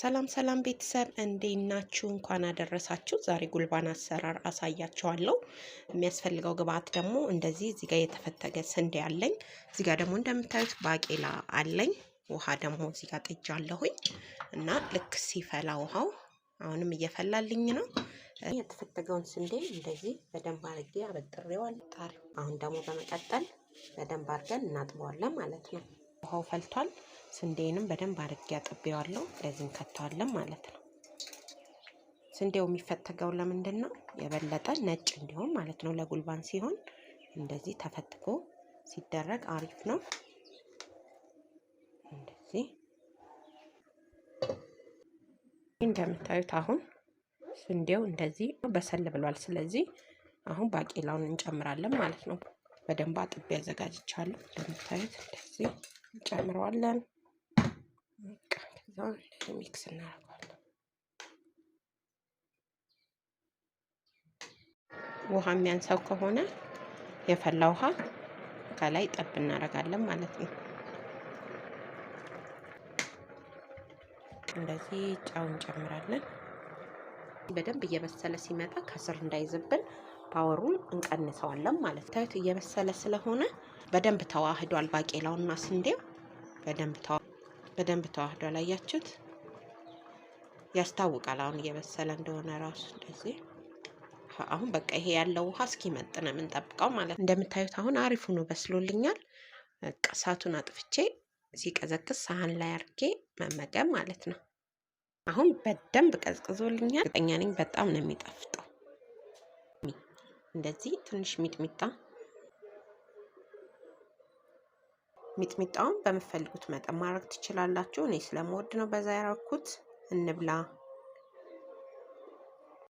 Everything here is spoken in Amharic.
ሰላም ሰላም ቤተሰብ እንዴት ናችሁ? እንኳን አደረሳችሁ። ዛሬ ጉልባን አሰራር አሳያችኋለሁ። የሚያስፈልገው ግብአት ደግሞ እንደዚህ እዚህ ጋር የተፈተገ ስንዴ አለኝ። እዚህ ጋር ደግሞ እንደምታዩት ባቄላ አለኝ። ውሃ ደግሞ እዚህ ጋር ጥጃ አለሁኝ እና ልክ ሲፈላ ውሃው አሁንም እየፈላልኝ ነው። የተፈተገውን ስንዴ እንደዚህ በደንብ አድርጌ አበጥሬዋለሁ። አሁን ደግሞ በመቀጠል በደንብ አድርገን እናጥበዋለን ማለት ነው። ውሃው ፈልቷል። ስንዴንም በደንብ አድርጌ አጥቤዋለሁ። እንደዚህ እንከተዋለን ማለት ነው። ስንዴው የሚፈተገው ለምንድን ነው? የበለጠ ነጭ እንዲሆን ማለት ነው። ለጉልባን ሲሆን እንደዚህ ተፈትጎ ሲደረግ አሪፍ ነው። እንደዚህ እንደምታዩት አሁን ስንዴው እንደዚህ በሰል ብሏል። ስለዚህ አሁን ባቄላውን እንጨምራለን ማለት ነው። በደንብ አጥቤ አዘጋጅቻለሁ። እንደምታዩት እንደዚህ እንጨምረዋለን። ሁለቱን ሚክስ እናደርገዋለን። ውሃ የሚያንሳው ከሆነ የፈላ ውሃ ከላይ ጠብ እናደርጋለን ማለት ነው። እንደዚህ ጨው እንጨምራለን። በደንብ እየበሰለ ሲመጣ ከስር እንዳይዝብን ፓወሩን እንቀንሰዋለን ማለት ነው። እየበሰለ ስለሆነ በደንብ ተዋህዷል። ባቄላውና ስንዴው በደንብ ተዋ በደንብ ተዋህዶ አላያችሁት? ያስታውቃል። አሁን እየበሰለ እንደሆነ ራሱ እንደዚህ አሁን በቃ ይሄ ያለው ውሃ እስኪመጥ ነው የምንጠብቀው ማለት ነው። እንደምታዩት አሁን አሪፍ ሆኖ በስሎልኛል። በቃ እሳቱን አጥፍቼ ሲቀዘቅዝ ሳህን ላይ አርጌ መመገብ ማለት ነው። አሁን በደንብ ቀዝቅዞልኛል። ጠኛ ነኝ በጣም ነው የሚጣፍጠው። እንደዚህ ትንሽ ሚጥሚጣ ሚጥሚጣውን በምፈልጉት መጠን ማድረግ ትችላላችሁ። እኔ ስለምወድ ነው በዛ ያረኩት። እንብላ።